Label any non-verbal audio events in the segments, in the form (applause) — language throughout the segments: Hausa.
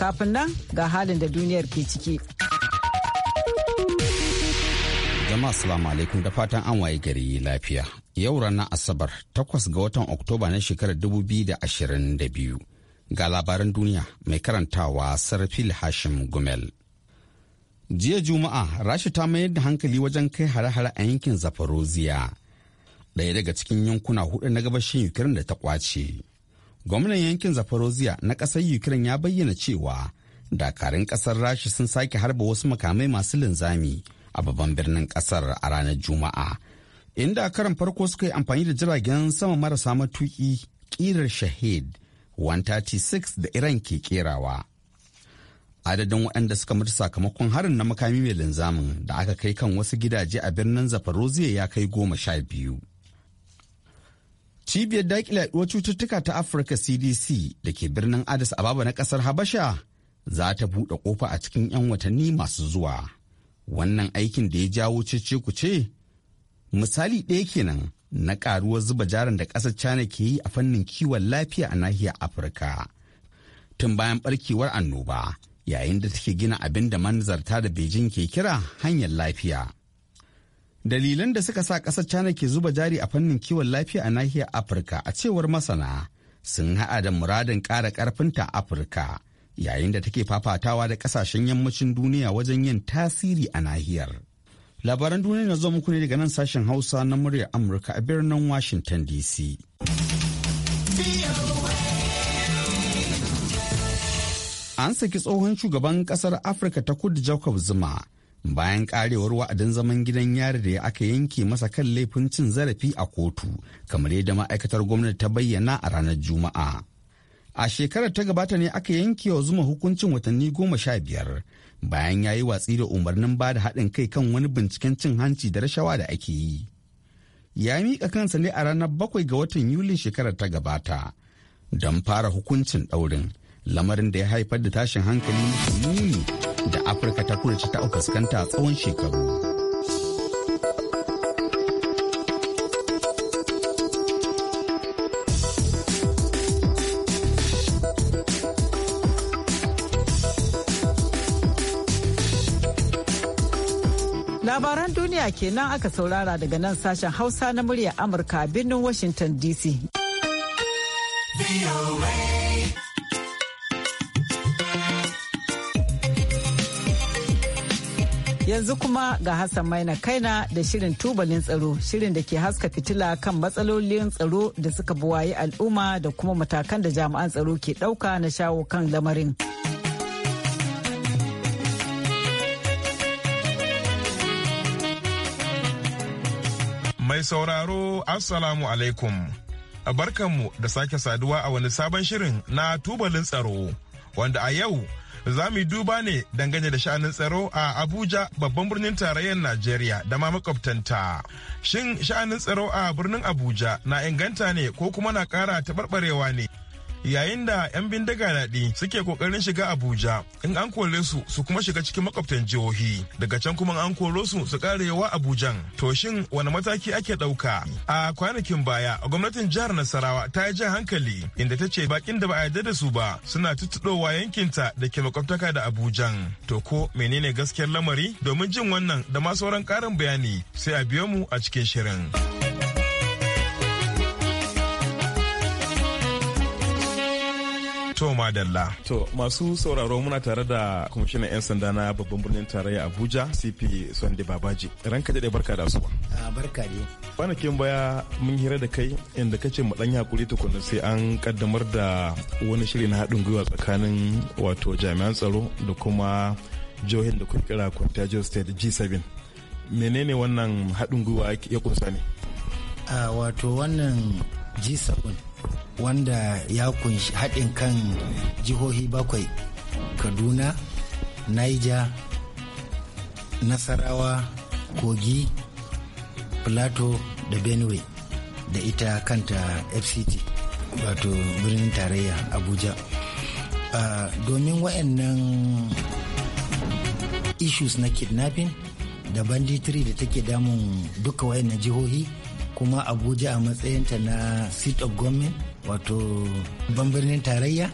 Kafin nan ga halin da duniyar ke ciki. Jama'a salamu alaikum da fatan an waye gari lafiya. Yau ranar Asabar takwas ga watan Oktoba na shekarar da ashirin biyu Ga labaran duniya mai karantawa Sarfil Hashim Gumel. Jiya Juma'a, Rasha ta mayar da hankali wajen kai hare-hare a yankin zafaroziya. ɗaya daga cikin yankuna hudu na gabashin Ukraine da ta kwace. gwamnan yankin zaporozhia na ƙasar ukraine ya bayyana cewa dakarun ƙasar rashi sun sake harba wasu makamai masu linzami a babban birnin ƙasar a ranar juma'a inda karan farko suka yi amfani da jiragen sama marasa matuƙi ƙirar shahid 136 da iran ke kerawa adadin waɗanda suka mutu sakamakon harin na makami mai linzamin da aka kai kan wasu gidaje a birnin zaporozhia ya kai goma sha biyu Cibiyar daƙile yaduwar cututtuka ta Afirka CDC da ke birnin Addis Ababa na ƙasar Habasha za ta buɗe ƙofa a cikin 'yan watanni masu zuwa. Wannan aikin da ya jawo cece ce misali ɗaya kenan na ƙaruwar zuba jarin da ƙasar China ke yi a fannin kiwon lafiya a nahiyar Afirka. Tun bayan ɓarkewar annoba yayin da take gina abin da manzarta da Beijing ke kira hanyar lafiya. Dalilan da suka sa ƙasar China ke zuba jari a fannin kiwon lafiya a nahiyar Afirka a cewar masana sun haɗa da muradin ƙara ƙarfinta a Afirka yayin da take fafatawa da ƙasashen yammacin duniya wajen yin tasiri a nahiyar. Labaran duniya na zuwa muku ne daga nan sashen Hausa na muryar Amurka a birnin Washington DC. An saki tsohon shugaban ƙasar Afirka ta kudu Jacob Zuma. bayan karewar wa'adin zaman gidan yari da aka yanke masa kan laifin cin zarafi a kotu kamar yadda ma'aikatar gwamnati ta bayyana a ranar juma'a a shekarar ta gabata ne aka yanke wa zuma hukuncin watanni goma sha biyar bayan ya yi watsi da umarnin ba da haɗin kai kan wani binciken cin hanci da rashawa da ake yi ya miƙa kansa ne a ranar bakwai ga watan yulin shekarar ta gabata don fara hukuncin ɗaurin lamarin da ya haifar da tashin hankali muni da afirka ta kudu ta fuskanta tsawon shekaru labaran duniya kenan aka saurara daga nan sashen hausa na muryar amurka birnin washington dc Yanzu kuma ga Hassan Maina Kaina da shirin tubalin tsaro, shirin da ke haska fitila kan matsalolin tsaro da suka buwaye al'umma da kuma matakan da jami'an tsaro ke ɗauka na shawo kan lamarin. Mai sauraro, Assalamu alaikum. Barkanmu da sake saduwa a wani sabon shirin na tubalin tsaro, wanda a yau za mu yi duba ne dangane da sha'anin tsaro a Abuja babban birnin tarayyar Najeriya da ma makwabtanta. Shin sha'anin tsaro a birnin Abuja na inganta ne ko kuma na ƙara taɓarɓarewa ne? yayin da 'yan bindiga daɗi suke kokarin shiga abuja in an kore su su kuma shiga cikin makwabtan jihohi daga can kuma an koro su su ƙara yawa abujan to shin wani mataki ake ɗauka a kwanakin baya gwamnatin jihar nasarawa ta yi jan hankali inda ta ce bakin da ba a yarda da su ba suna tuttuɗowa yankinta da ke makwabtaka da abujan to ko menene gaskiyar lamari domin jin wannan da ma sauran ƙarin bayani sai a biyo mu a cikin shirin. To madalla. To masu sauraro muna tare da kwamishinan 'yan sanda na babban birnin tarayya Abuja CP Sunday Babaji. Ranka daɗe barka da A Barka ne. Kwanakin baya mun hira da kai inda ka ce ɗan hakuri tukuna sai an kaddamar da wani shiri na haɗin gwiwa tsakanin wato jami'an tsaro da kuma jihohin da kuka kira Contagious State G7. Menene wannan haɗin gwiwa ya kunsa ne? Wato wannan G7 wanda ya kunshi haɗin kan jihohi bakwai kaduna niger nasarawa kogi plateau da benue da ita kanta fct wato birnin tarayya abuja uh, domin waɗannan issues na kidnapping da banditry da take damun duka waɗannan jihohi kuma abuja a matsayinta na seat of government wato birnin tarayya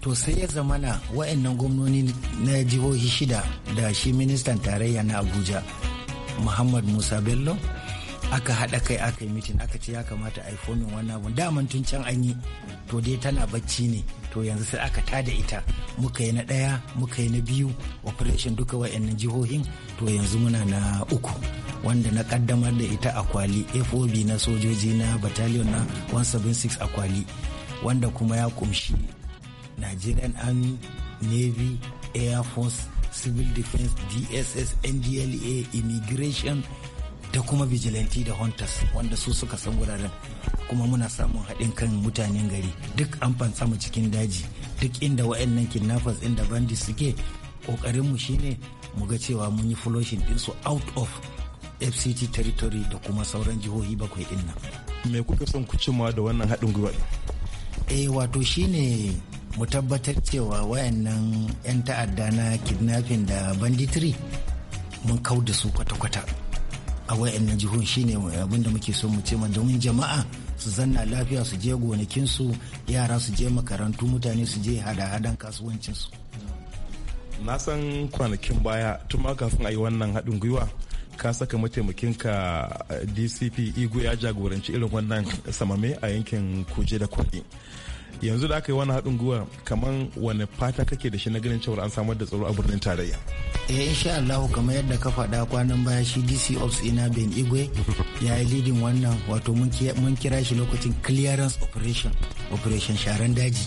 to sai ya zamana wa'annan gwamnoni na jihohi shida da shi ministan tarayya na abuja muhammad musa bello aka haɗa kai aka yi mitin aka ce ya kamata a yi fomin wannan abun daman tun can an yi to dai tana bacci ne to yanzu sai aka ta da ita muka yi na ɗaya muka yi na biyu operation duka wa'annan jihohin to yanzu muna na uku wanda na kaddamar da ita a kwali fob na sojoji na battalion na 176 a kwali wanda kuma ya kumshi nigerian army navy air force civil defense dss ndla immigration da kuma vigilante da hunters wanda su suka san wuraren kuma muna samun haɗin kan mutanen gari duk an fansa mu cikin daji duk inda wa'annan kidnappers inda bandits suke ƙoƙarinmu shine mu ga cewa mun yi floshin su out of fct territory da kuma sauran jihohi bakwai din nan me kuka son ku cimma da wannan haɗin gwiwa eh wato shine mu tabbatar cewa wayannan 'yan ta'adda na kidnapping da banditry mun kau da su kwata-kwata a wayannan jihun shine abinda muke so mu ce ma domin jama'a su zanna lafiya su je gonakin su yara su je makarantu mutane su je hada-hadan kasuwancinsu. na san kwanakin baya tun ma kafin a yi wannan haɗin gwiwa ka saka mataimakin ka eh, dcp igu ya jagoranci irin wannan samame a yankin kuje da kwaɗi yanzu da aka yi wani haɗin gwiwa kamar wani fata kake da shi na ganin cewa an samar da tsaro a birnin tarayya eh insha Allah kamar yadda ka faɗa kwanan baya shi DC Ops ina Ben Igwe (laughs) ya yi lidin wannan wato mun kira shi lokacin clearance operation operation sharan daji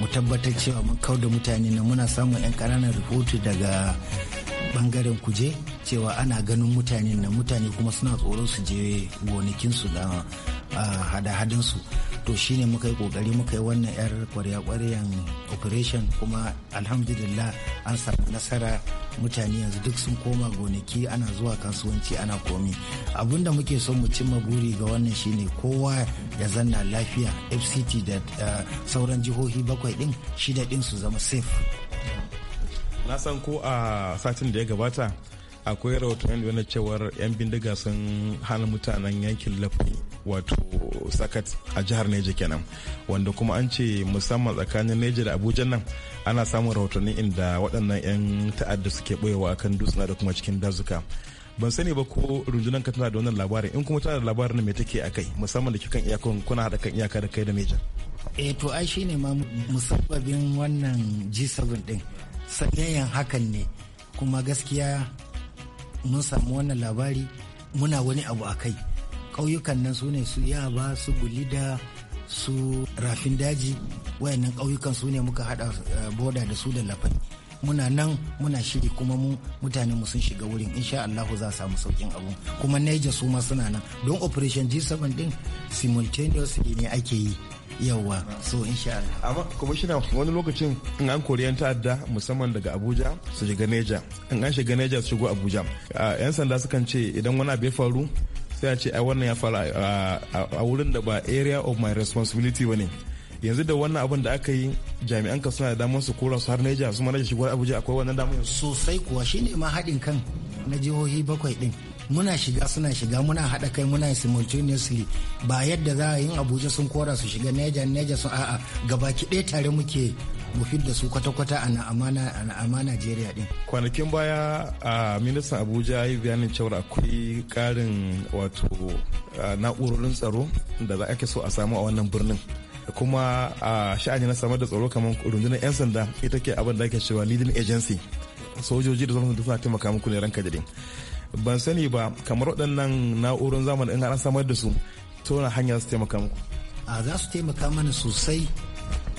mu tabbatar cewa mun kau da mutane na muna samun 'yan kananan rahoto daga bangaren kuje cewa ana ganin mutane na mutane kuma suna tsoron su je gonakinsu da ah, hada-hadansu. su to shine muka yi kokari muka yi wannan yar kwarya-kwaryan operation kuma alhamdulillah an samu nasara mutane yanzu duk sun koma gonaki ana zuwa kasuwanci ana komi abinda muke so mu cimma buri ga wannan shine kowa ya zanna lafiya fct da sauran jihohi bakwai din shida din su zama safe na san ko a satin da ya gabata akwai rahoton yana cewar 'yan bindiga sun hana mutanen yankin lafi wato sakat a jihar neja kenan wanda kuma an ce musamman tsakanin neja da abuja nan ana samun rahotanni inda waɗannan 'yan ta'adda suke ɓoyewa kan dutsuna da kuma cikin dazuka ban sani ba ko rundunar ka tana da wannan labarin in kuma tana da labarin me take a kai musamman da kikan iyakan kuna haɗa kan iyaka da kai da neja eh to ai shine ma musabbabin wannan G7 din sanyayyan hakan ne kuma gaskiya mun samu wannan labari muna wani abu a kai ƙauyukan nan su ne su yaba su gulida su rafin daji wayannan ƙauyukan su ne muka hada eh, boda da su da lafai muna nan muna shiri kuma mu mutane mu sun shiga wurin insha Allah za samu saukin abu kuma naija su ma suna nan don operation G7 din simultaneously ne ake yi yawa so insha Allah amma commissioner wani lokacin in an kori yan ta'adda musamman daga Abuja su shiga Neja in an shiga Neja su shigo Abuja yan sanda sukan ce idan wani abu ya faru sai a ce ai wannan ya faru a wurin da ba area of my responsibility bane yanzu da wannan abin da aka yi jami'an ka suna da damar su kora su har Neja su manaja shigo Abuja akwai wannan damar sosai kuwa shine ma haɗin kan na jihohi bakwai din muna shiga suna shiga muna haɗa kai muna simultaneously ba yadda za a yin abuja sun kora su shiga neja neja su a'a gabaki ɗaya tare muke mufid da su kwata-kwata a amma Najeriya din. Kwanakin baya a ministan Abuja ya yi bayanin cewa akwai karin wato na'urorin tsaro da za ake so a samu a wannan birnin. kuma a sha'ani na samar da tsaro kamar rundunar 'yan sanda ita ke abin da ake cewa leading agency sojoji da zama suna taimaka muku ne ranka da ban sani ba kamar waɗannan na'urun zamani in an samar da su tona hanya su taimaka muku a za su taimaka mana sosai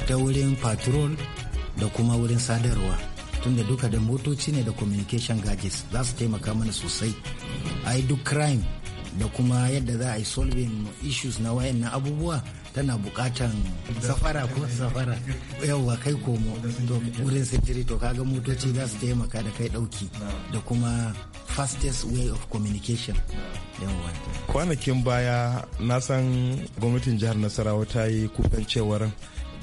ta wurin patrol da kuma wurin sadarwa tunda duka da motoci ne da communication gadgets za su taimaka mana sosai a duk crime da kuma yadda za a yi solving issues na wayan na abubuwa tana bukatan safara ko safara yawwa kai komo to wurin sintiri to kaga motoci za su taimaka da kai dauki da kuma fastest way of communication yawwa. kwanakin baya na san gwamnatin jihar nasarawa ta yi kukan cewar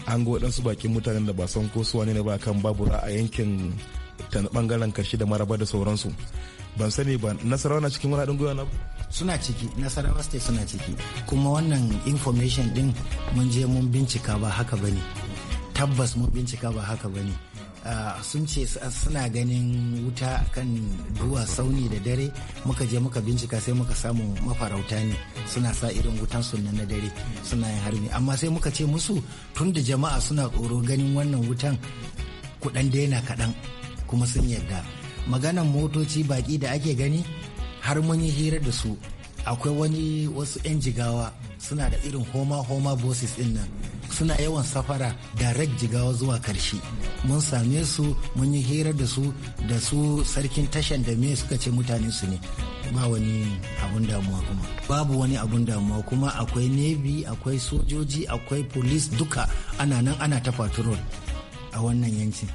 an ga waɗansu bakin mutanen da ba san ko su ne ba kan babura a yankin ta bangaren kashi da maraba da sauransu ban sani ba nasarawa na cikin wani haɗin gwiwa na suna ciki nasarawa state suna ciki kuma wannan information din mun je mun bincika ba haka bane tabbas mun bincika ba haka bane ah, sun ce suna ganin wuta kan duwa sauni da dare muka je muka bincika sai muka samu mafarauta ne suna sa irin wutan sunan na dare suna yin harbi amma sai muka ce musu tun da jama'a suna tsoro ganin wannan wutan kudan daina kaɗan kuma sun yarda maganan motoci baki da ake gani har mun yi hira da su akwai wani wasu 'yan jigawa suna da irin homa homa bosses din nan suna yawan safara direct jigawa zuwa karshe mun same su mun yi hira da su da su sarkin tashan da me suka ce mutane su ne ba wani abun damuwa kuma babu wani abun damuwa kuma akwai nevi akwai sojoji akwai police duka ana nan ana ta patrol a wannan yankin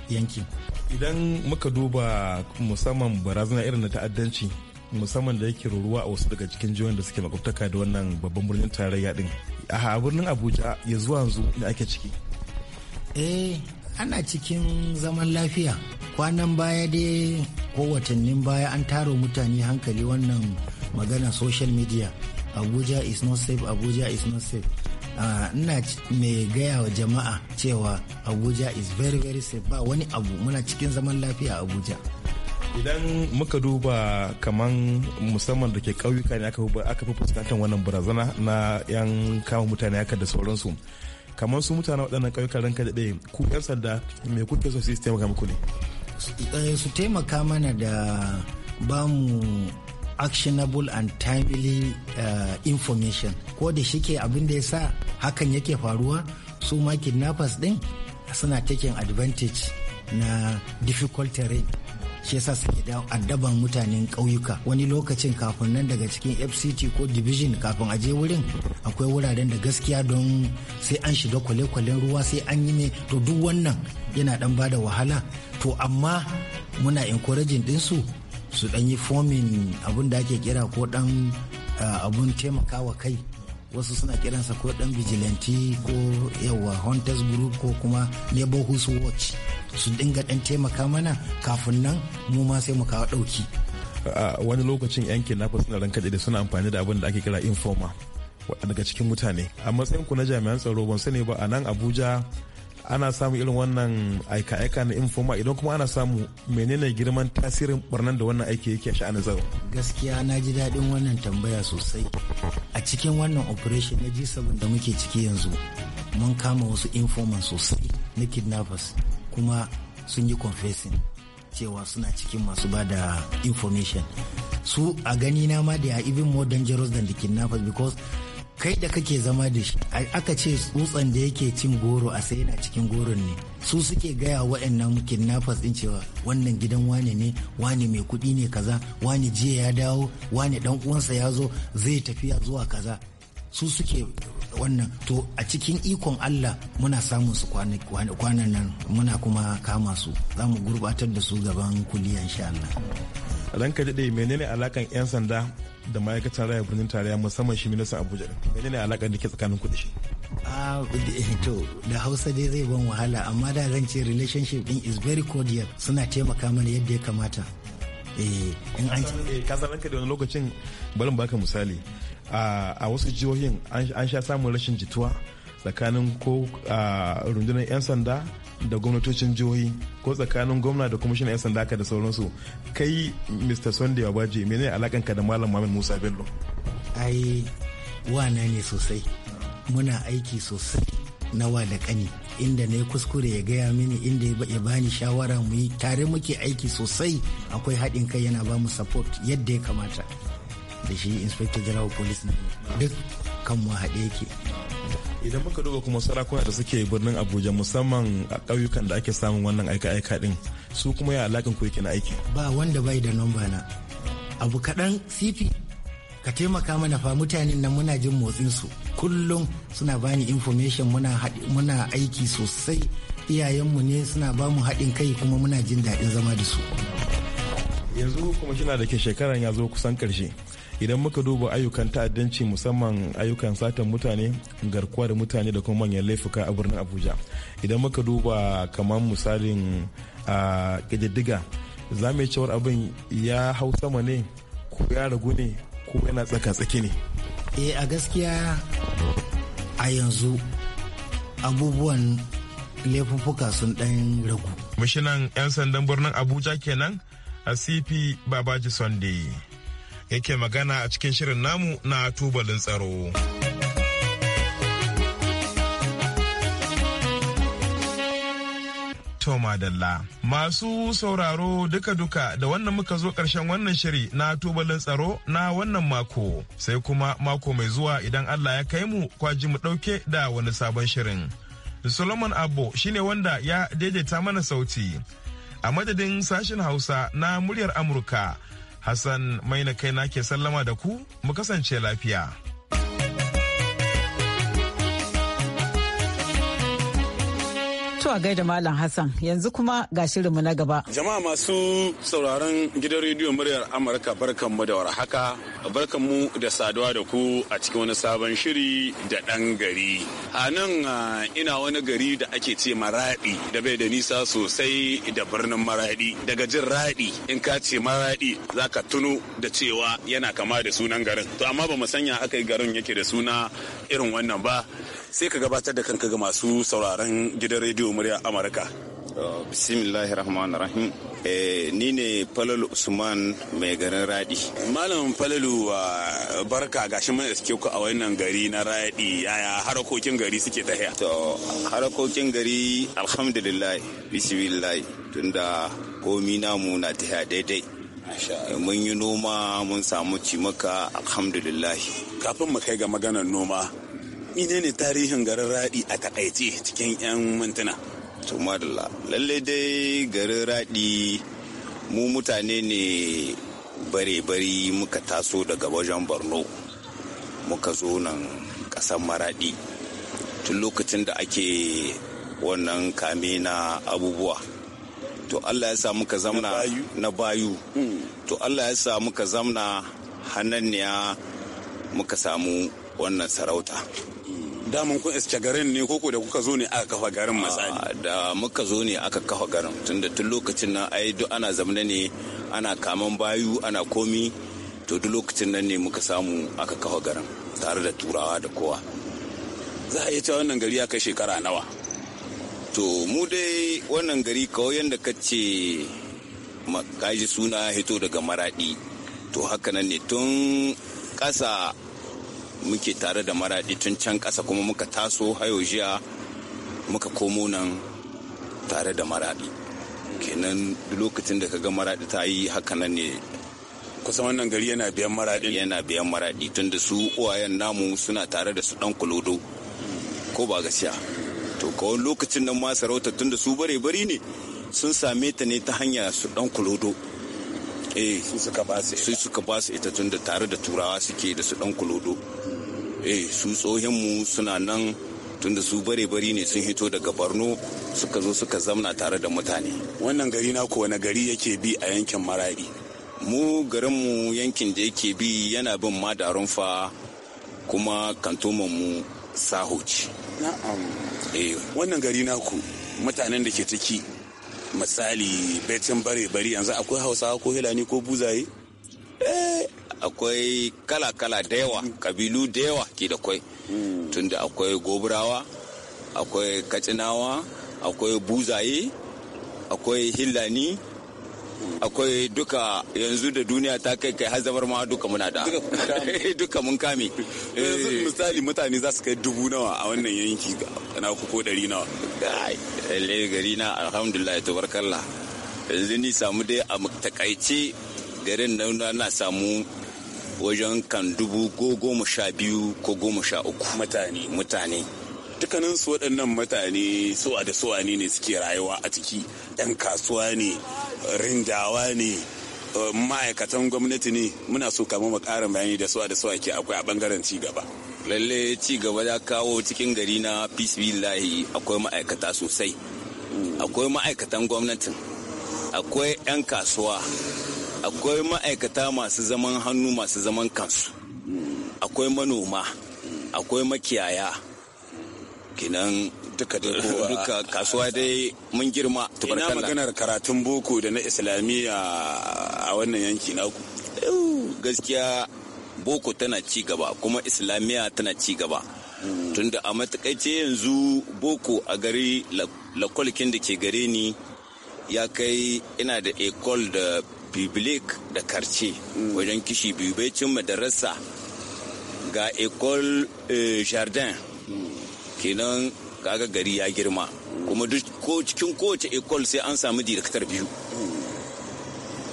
idan muka duba musamman barazana irin na ta'addanci musamman da yake ruruwa a wasu daga cikin jihohin da suke makwabtaka da wannan babban birnin tarayya din a birnin abuja ya zuwa yanzu da ake ciki eh ana cikin zaman lafiya kwanan baya dai ko watannin baya an taro mutane hankali wannan magana social media abuja is not safe abuja is not safe ah, ina mai gaya wa jama'a cewa abuja is very very safe ba wani abu muna cikin zaman lafiya abuja idan muka duba kaman musamman da ke kauyuka ne aka fi fuskantar wannan barazana na 'yan kama mutane haka da sauransu kamar su mutane waɗannan ƙauyuka ranka da ɗaya ku 'yan sanda me kuke so su taimaka muku ne eh, su taimaka mana da ba mu actionable and timely uh, information ko da shike abin da ya sa hakan yake faruwa su ma kidnappers din suna taking advantage na difficult terrain shi yasa suke da addaban mutanen ƙauyuka wani lokacin kafin nan daga cikin fct ko division kafin a je wurin akwai wuraren da gaskiya don sai an shiga kwale-kwalen ruwa sai an yi ne to duk wannan yana dan bada wahala to amma muna encouraging ɗinsu su dan yi fomin abin da ake kira ko dan eh, abun taimakawa kai wasu suna kiransa ko dan vigilante ko yawa hunters group ko kuma neighborhood watch su dinga dan taimaka mana kafin nan mu ma sai mu kawo dauki wani lokacin yan kidnappers suna rankaɗe da suna amfani da abin da ake kira informa daga cikin mutane a matsayin ku na jami'an tsaro ban sani ba a nan abuja ana samu irin wannan aika-aika na informa idan kuma ana samu menene girman tasirin barnan da wannan aiki yake sha'ani zau gaskiya na ji daɗin wannan tambaya sosai a cikin wannan operation na g7 da muke ciki yanzu mun kama wasu informan sosai na kidnappers kuma sun yi confessing cewa suna cikin masu ba da information su a gani na ma da even more dangerous than the kidnappers because kai da kake zama da shi aka ce tsutsan da yake cin goro a sai yana cikin goron ne su suke gaya waɗannan kidnappers din cewa wannan gidan wane ne wane mai kuɗi ne kaza wane jiya ya dawo wane dan uwansa ya zo zai tafiya zuwa kaza su suke wannan to a cikin ikon Allah muna samun su kwanan nan muna kuma kama su za mu gurbatar da su gaban kuliya insha Allah ranka daɗe menene alakan 'yan sanda da ma'aikatan raya birnin tarayya musamman shi minista abuja menene alakan da ke tsakanin kuɗi shi ah, eh, eh, to da hausa dai zai ban wahala amma da zan ce relationship din is very cordial suna taimaka mana yadda ya kamata eh in an ka eh, da wani lokacin bari baka misali ah, a wasu jihohin an sha samun rashin jituwa tsakanin ko a rundunar 'yan sanda da gwamnatocin jihohi ko tsakanin gwamna da kuma 'yan sanda ka da sauransu kai mr sunday abaji mene alakanka da malam mamin musa bello ai wana ne sosai muna aiki sosai na da kani inda na yi kuskure ya gaya mini inda ya bani shawara mu yi tare muke aiki sosai akwai haɗin kai yana ba mu support yadda ya kamata da shi inspector general police duk kan mu haɗe yake idan muka duba kuma sarakuna da suke birnin abuja musamman a ƙauyukan da ake samun wannan aika-aika din su kuma ya alakan ku yake na aiki ba wanda bai da nomba na abu kaɗan cp ka taimaka mana fa mutanen nan muna jin motsin su kullum suna bani information muna muna aiki sosai iyayenmu ne suna ba mu haɗin kai kuma muna jin daɗin zama da su yanzu kuma kina da ke shekaran ya zo kusan ƙarshe idan muka duba ayyukan ta'addanci musamman ayyukan satan mutane garkuwa da mutane da kuma manyan laifuka a birnin abuja idan muka duba kamar misalin a ƙididdiga za mu cewar abin ya hau sama ne ko ya ragu ne ko yana tsaka-tsaki ne eh a gaskiya a yanzu abubuwan laifuka sun ɗan ragu. Mishinan 'yan sandan birnin Abuja kenan a CP Babaji Sunday. yake magana a cikin shirin namu na tubalin tsaro. tomadalla Masu sauraro duka-duka da wannan muka zo ƙarshen wannan shiri na tubalin tsaro na wannan mako. Sai kuma mako mai zuwa idan Allah ya kai mu kwaji mu ɗauke da wani sabon shirin. Solomon Abbo shine wanda ya daidaita mana sauti. A madadin sashen Hausa na muryar Amurka. Hassan maina kai na ke sallama da ku mu kasance lafiya. To a gaida Malam Hassan yanzu kuma ga shirinmu na gaba. Jama'a masu sauraron gidan rediyo muryar Amurka barkan mu da warhaka mu da saduwa da ku a cikin wani sabon shiri da ɗan gari. A nan ina wani gari da ake ce maraɗi da bai da nisa sosai da birnin maraɗi. Daga jin raɗi in ka ce maraɗi za ka tuno da cewa yana kama da sunan garin. To amma ba mu sanya aka yi garin yake da suna irin wannan ba. sai ka gabatar da kanka ga masu sauraron gidan rediyo murya amurka bismillahir rahmanir rahim eh, ni ne falalu usman mai garin radi malam falalu barka gashi mun iske ku a wannan gari na radi yaya harakokin gari suke tahiya to harakokin gari alhamdulillah bismillah tunda komi namu na tahiya daidai mun yi noma mun samu cimaka alhamdulillah kafin mu kai ga maganar noma menene tarihin garin raɗi a takaice cikin 'yan mintuna to madalla lalle dai garin raɗi mu mutane ne bare-bari muka taso daga wajen borno muka zo nan ƙasar maraɗi tun lokacin da ake wannan kame na abubuwa to allah ya sa muka zamna na bayu hmm. to allah ya sa muka zamna hananniya muka samu wannan sarauta daman kun iske garin ne koko da kuka zo ne aka kafa garin misali ah, da muka zo ne aka kafa garin tunda tun lokacin nan ai duk ana zamana ne ana kaman bayu ana komi to duk lokacin nan ne muka samu aka kafa garin tare da turawa da kowa za a iya cewa wannan gari ya kai shekara nawa to mu dai wannan gari kawai yadda ka ce kaji suna hito daga maradi to haka nan ne tun ƙasa muke tare da maraɗi tun can ƙasa kuma muka taso hayo jiya muka komo nan tare da maraɗi kenan lokacin da kaga maraɗi ta yi haka nan ne kusan wannan gari yana biyan maraɗi yana biyan maraɗi tun da su uwayen namu suna tare da su ɗan kulodo ko ba gaskiya to kawai lokacin nan ma sarauta tun da su bare bari ne sun same ta ne ta hanya su ɗan kulodo eh su suka ba su ita tun da tare da turawa suke da su ɗan kulodo eh su tsohinmu suna nan tunda su bare bari ne sun hito daga borno suka zo suka zamna tare da mutane wannan gari na ko gari yake bi a yankin maradi mu garinmu yankin da yake bi yana bin madarun fa kuma kantomanmu sahoci na'am eh wannan gari na ku mutanen da ke ciki misali betin bare bari yanzu akwai hausawa ko hilani ko buzaye akwai kala-kala da yawa kabilu da yawa ke da kwai tunda akwai goburawa akwai kacinawa akwai buzaye akwai hillani akwai duka yanzu da duniya ta kai kai har zamar ma duka muna da duka mun kame (laughs) eh. misali mutane za su kai dubu nawa a wannan yanki na ko dari nawa lalle gari na alhamdulillah tabarkalla yanzu ni samu dai a takaice garin da na samu wajen kan dubu goma sha biyu ko goma sha uku mutane mutane dukkanin su waɗannan mutane suwa da suwa ne suke rayuwa a ciki ɗan kasuwa ne rindawa ne eh, ma'aikatan gwamnati ne muna so kama mu ƙarin bayani da suwa da suwa ke akwai a ɓangaren cigaba lalle cigaba ya kawo cikin gari na peace akwai ma'aikata sosai mm. akwai ma'aikatan gwamnatin akwai 'yan kasuwa akwai ma'aikata masu zaman hannu masu zaman kansu akwai manoma akwai makiyaya kinan duka (laughs) duka kasuwa dai mun girma ina maganar karatun boko da na islamiyya a wannan yanki naku gaskiya boko tana ci gaba kuma islamiyya tana ci gaba tunda a matakaice yanzu boko a gari lakwalkin da ke gare ni ya kai ina da ekol da biblik da karce wajen kishi biyu bai cin madarasa ga ecole eh, jardin kenan kaga gari ya girma kuma duk cikin kowace ecole sai an samu direktar biyu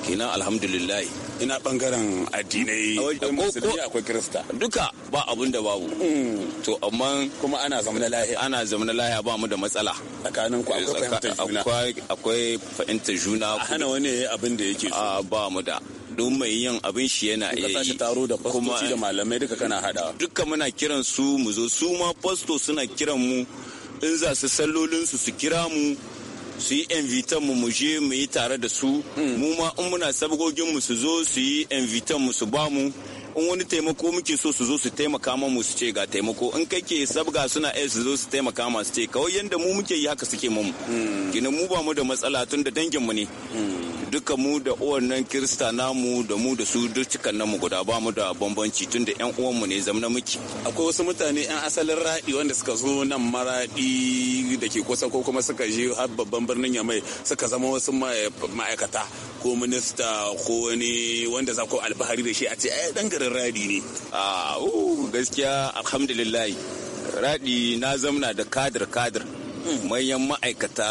kenan alhamdulillah ina bangaren addinai akwai musulmi akwai kirista duka ba abun da babu mm. to amma kuma ana na lahiya ana zamana lahiya ba mu da matsala tsakanin ku akwai fahimta juna akwai fahimtar juna a hana wani abin da yake so ba mu da don mai yin abin shi yana iya yi taro da fastoci da malamai duka kana hada duka muna kiran su mu zo su ma fasto suna kiran mu in za su sallolin su su kira mu su yi invitan mu mu je mu yi tare da su hmm. mu ma in muna sabgogin mu su zo su yi invitan mu su ba mu in wani taimako muke so su zo su taimaka ma mu su ce ga taimako in kai ke sabga suna iya su zo su taimaka ma su ce kawai yanda mu muke yi haka suke mu hmm. gina mu ba mu da matsala tun da dangin mu ne hmm. duka mu da uwan nan kirista namu da mu da su dukkan namu guda ba mu da bambanci tun da yan uwanmu ne zamna muke akwai wasu mutane yan asalin raɗi wanda suka zo nan maraɗi da ke kusa ko kuma suka je har babban birnin yamai suka zama wasu ma'aikata ko minista ko wani wanda za ku alfahari da shi a ce ai dan garin raɗi ne a gaskiya alhamdulillah raɗi na zamna da kadir kadir hmm. manyan ma'aikata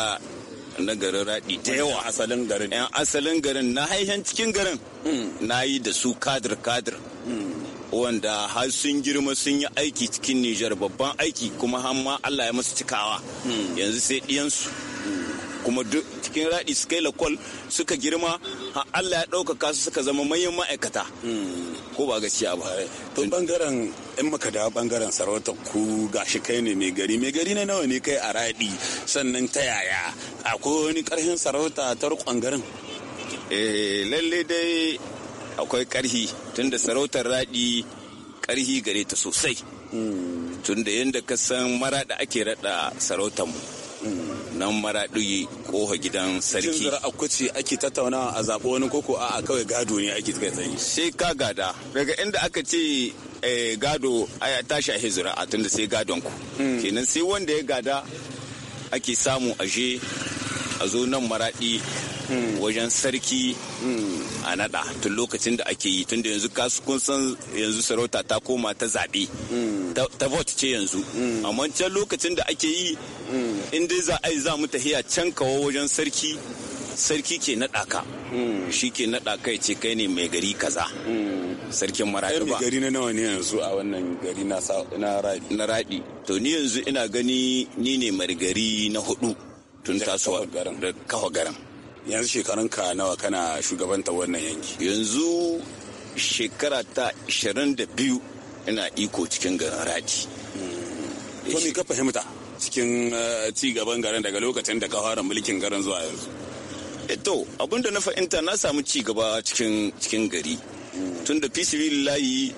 na garin raɗi da yawa asalin garin yan asalin garin na haihen cikin garin hmm. na yi da su kadir kadir hmm. wanda har sun girma sun yi aiki cikin nijar babban aiki kuma har ma allah ya masu cikawa hmm. yanzu sai ɗiyansu kuma duk cikin raɗi suka yi lakol suka girma har allah ya ɗaukaka su suka zama manyan ma'aikata ko ba gaskiya ba to bangaren in maka da bangaren sarauta ku gashi kai ne mai gari mai gari ne nawa ne kai a raɗi sannan ta yaya akwai wani karhin sarauta ta rukon garin eh lalle dai akwai ƙarhi tunda sarautar raɗi ƙarhi gare ta sosai hmm. tunda yadda ka san mara da ake raɗa sarautar mu nan maraɗi kofa gidan sarki. Shin a ce ake tattaunawa a zaɓo wani koko a kawai gado ne ake kai tsaye. Sai ka gada daga inda aka ce eh, gado a tashi a hezura a tunda sai gadon ku. Hmm. Kenan sai wanda ya gada ake samu aje a zo nan maraɗi Hmm. wajen sarki hmm. a nada tun lokacin da ake yi tun da yanzu kasu kun san yanzu sarauta ta koma ta zaɓe hmm. ta vote ce yanzu amma can lokacin da ake yi in dai za a yi za mu tahiya can kawo wajen sarki sarki ke naɗa ka shi ke naɗa ka ce kai ne mai gari kaza sarkin maraɗi ba gari na nawa ne yanzu a wannan gari na raɗi to ni yanzu ina gani ni ne margari na hudu tun tasowa da kawa garin. yanzu shekarun ka nawa kana shugabanta wannan yanki yanzu shekara ta 22 ina iko cikin garin raji to me ka fahimta cikin eh, ci gaban garin daga lokacin da ka fara mulkin garin zuwa yanzu eh, to abinda na fahimta na samu ci gaba cikin cikin gari mm. tun da fi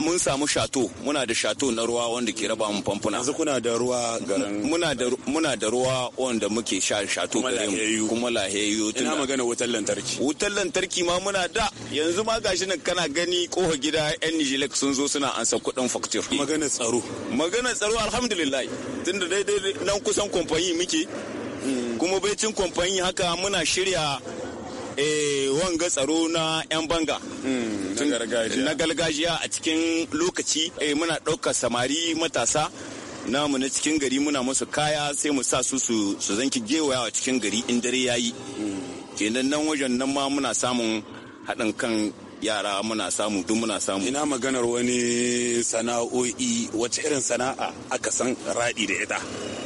mun samu shato muna da shato na ruwa wanda ke raba mu famfuna yanzu kuna da ruwa garin muna da ruwa wanda muke sha shato garin kuma laheyu ina magana wutar lantarki wutar lantarki ma muna da yanzu ma gashi nan kana gani kofa gida yan Nijilek sun zo suna ansa kuɗin facture magana tsaro magana tsaro alhamdulillah tunda daidai nan kusan kamfani muke hmm. kuma baicin kamfani haka muna shirya eh wanga tsaro na 'yan banga hmm, na gargajiya a cikin lokaci eh, muna ɗaukar samari matasa namu na cikin gari muna musu kaya sai mu sa su su zanki gewaya a cikin gari in dare ya yi. Hmm. kenan nan wajen nan ma muna samun haɗin kan yara muna samu duk muna samu ina maganar wani sana'o'i wace irin sana'a aka san raɗi da ita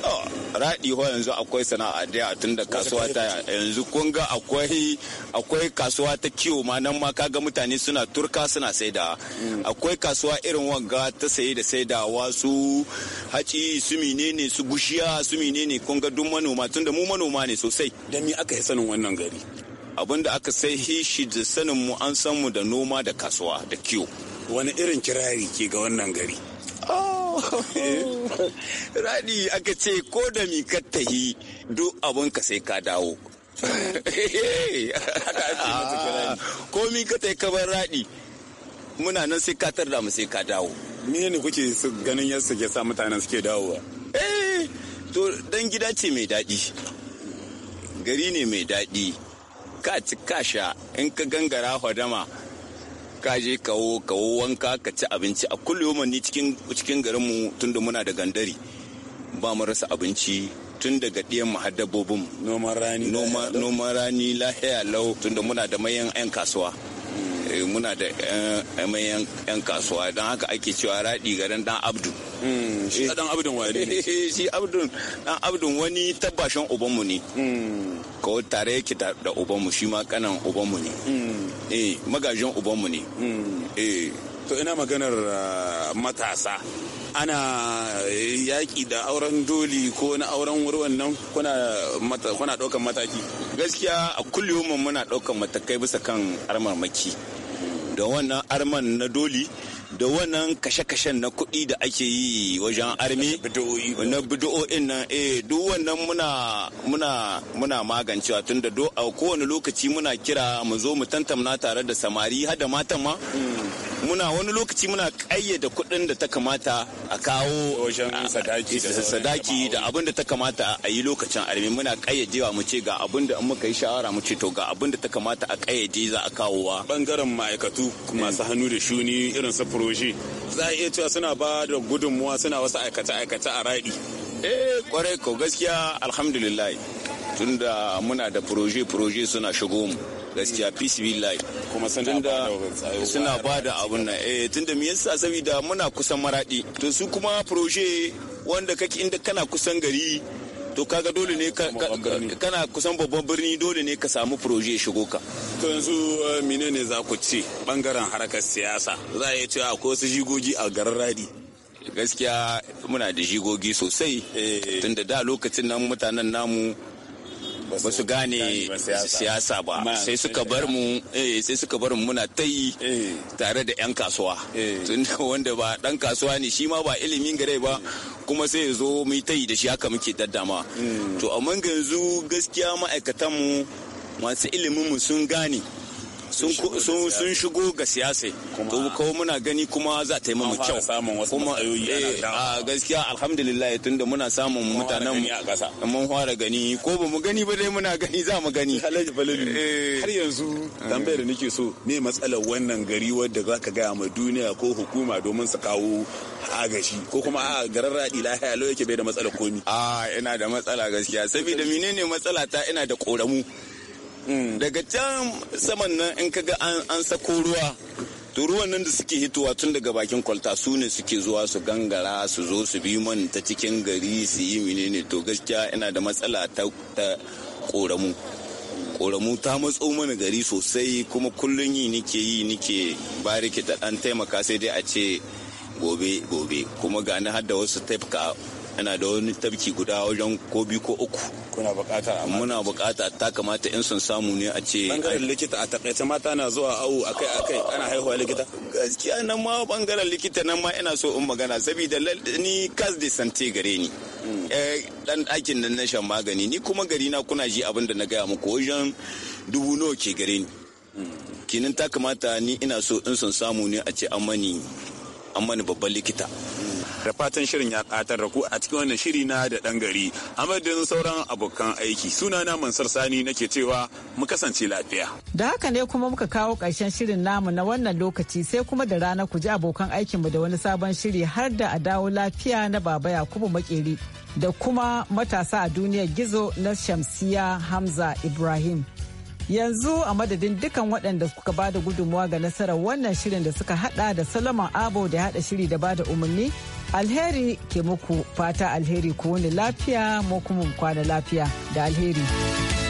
Oh, raɗi ho yanzu akwai sana'a da tun da kasuwa ta yanzu kun ga akwai akwai kasuwa ta kiwo ma nan ma kaga mutane suna turka suna saida mm. akwai kasuwa irin wanga ta saye da saidawa su haci su menene su gushiya su menene kun ga duk manoma tunda mu manoma ne sosai da ni aka yi sanin wannan gari abin da aka sai shi da sanin mu an san mu da noma da kasuwa da kiwo wani irin kirari ke ga wannan gari (laughs) Raɗi aka ce ko da mi ka tahi duk abun ka sai ka dawo. (laughs) Ah. Ko mi ka tahi bar raɗi muna nan sai ka tarda mu sai ka dawo. Me ne kuke ganin yadda ke sa mutanen suke dawo ba eh, to dan gida ce mai daɗi. Gari ne mai daɗi. Ka ci ka sha in ka gangara hodama. ka je kawo kawo wanka ka ci abinci a kullum ni cikin cikin garinmu tunda muna da gandari ba mu rasa abinci tun daga ɗiyan mu noman rani noman rani lahiya lau tunda muna da mayan 'yan kasuwa eh, muna da eh, mayan 'yan kasuwa don haka ake cewa raɗi garin dan abdu Hmm, shi eh, dan abdun wani ne (laughs) shi abdun dan abdun wani tabbashin ubanmu ne hmm. ko tare yake da ubanmu shi ma kanan ubanmu ne hmm. eh magajin ubanmu ne eh to ina maganar ah, matasa ana eh, yaƙi da auren doli ko na auren wurwan nan kuna ɗaukan mataki gaskiya a kullum muna ɗaukan matakai bisa kan armarmaki da wannan arman na doli da wannan kashe-kashen na kuɗi da ake yi wajen armi na bido'o'in nan eh duk wannan muna muna muna magancewa tun da do a kowane lokaci muna kira mu zo mu tantamna tare da samari har da matan ma mm. muna wani lokaci muna ƙayyade kuɗin da ta kamata a kawo sadaki da abin da ta kamata a yi lokacin armi muna ƙayyadewa mu ce ga abin da muka yi shawara mu ce to ga abin da ta kamata a ƙayyade za a kawowa bangaren ma'aikatu masu eh. hannu da shuni irin su furoshi za a iya cewa suna ba da gudunmuwa suna wasu aikace-aikace a raɗi eh kwarai ko gaskiya alhamdulillah tunda muna da proje-proje suna shigo mu gaskiya peace be life kuma suna ba da abun nan eh tunda me yasa saboda muna kusan maradi to su kuma proje wanda kake inda kana kusan gari to kaga dole ne kana kusan babban birni dole ne ka samu proje shigo ka to yanzu eh, menene za ku ce bangaren harkar siyasa za a yi cewa akwai wasu jigogi a garin radi gaskiya muna da jigogi sosai eh. tunda da lokacin nan mutanen namu ba su gane siyasa ba sai suka bar mu eh, sai suka bar mu muna ta yi eh. tare da 'yan kasuwa eh. tunda (laughs) wanda ba dan kasuwa ne shi ma ba ilimin gare ba kuma sai ya zo mu ta yi da shi haka muke daddama to amma yanzu gaskiya ma'aikatan mu masu ilimin mu sun gane sun shigo ga siyasai to kawo muna gani kuma za ta yi mu kyau kuma eh, a gaskiya alhamdulillah tunda muna samun mutanen mun fara gani ko ba mu gani ba dai muna gani za mu gani (laughs) eh. har yanzu tambayar da nake so me matsalar wannan gari wadda za ka gaya ma duniya ko hukuma domin su kawo agashi ko kuma a garin raɗi lahiya yake bai da matsalar komi a ah, ina da matsala gaskiya saboda menene matsala ta ina da koramu daga can saman nan in kaga an sako ruwa to ruwan nan da suke hitowa tun daga bakin kwalta su ne suke zuwa su gangara su zo su bi man ta cikin gari su yi ne to gaskiya ina da matsala ta koramu koramu ta matso mana gari sosai kuma kullum yi nike yi nike bariki da dan taimaka sai dai a ce gobe gobe kuma gani har da wasu tafka yana da wani tabki guda wajen ko biyu ko uku kuna bukata muna bukata ta kamata in sun samu ne a ce bangaren likita a takaice mata na zuwa awu akai akai ana haihuwa likita gaskiya nan ma bangaren likita nan ma ina so in magana saboda ni kas de sante gare ni hmm. eh, dan ɗakin nan na shan magani ni kuma gari na kuna ji abin da na gaya muku wajen dubu nawa ke gare ni hmm. Kinin ta kamata ni ina so in sun samu ne a ce an mani babban likita da fatan shirin ya katar da ku a cikin wannan shiri na da dan gari amadin sauran abokan aiki sunana mansar sani nake cewa mu kasance lafiya da haka ne kuma muka kawo karshen shirin namu na wannan lokaci sai kuma da rana ku ji abokan aikin mu da wani sabon shiri har da a dawo lafiya na baba yakubu makeri da kuma matasa a duniyar gizo na shamsiya hamza ibrahim yanzu a madadin dukan waɗanda suka bada da gudunmuwa ga nasarar wannan shirin da suka hada da solomon abo da hada shiri da ba da umarni alheri ke muku fata alheri ku wani lafiya mu kuma kwana lafiya da alheri.